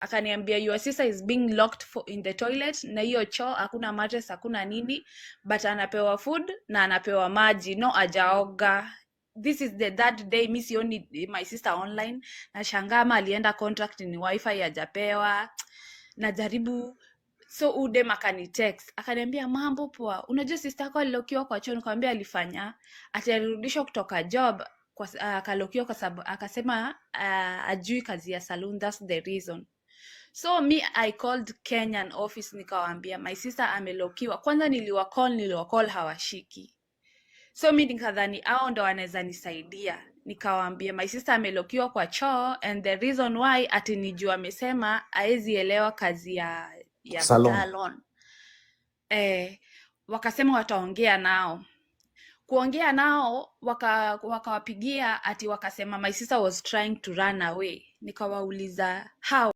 akaniambia your sister is being locked for in the toilet na hiyo choo hakuna mattress hakuna nini but anapewa food na anapewa maji no ajaoga this is the third day mi sioni my sister online na shangama alienda contract ni wifi ajapewa najaribu so udem akanitext akaniambia mambo poa unajua sister yako alilokiwa kwa choo nikamwambia alifanya atarudishwa kutoka job akalokiwa kwa sababu akasema uh, ah, ajui kazi ya saloon that's the reason So me I called Kenyan office nikawaambia my sister amelokiwa. Kwanza niliwa call niliwa call hawashiki. So mi nikadhani hao ndo wanaweza nisaidia. Nikawaambia my sister amelokiwa kwa choo and the reason why ati nijua amesema awezielewa kazi ya ya salon. salon. Eh, wakasema wataongea nao kuongea nao wakawapigia waka ati wakasema my sister was trying to run away. Nikawauliza how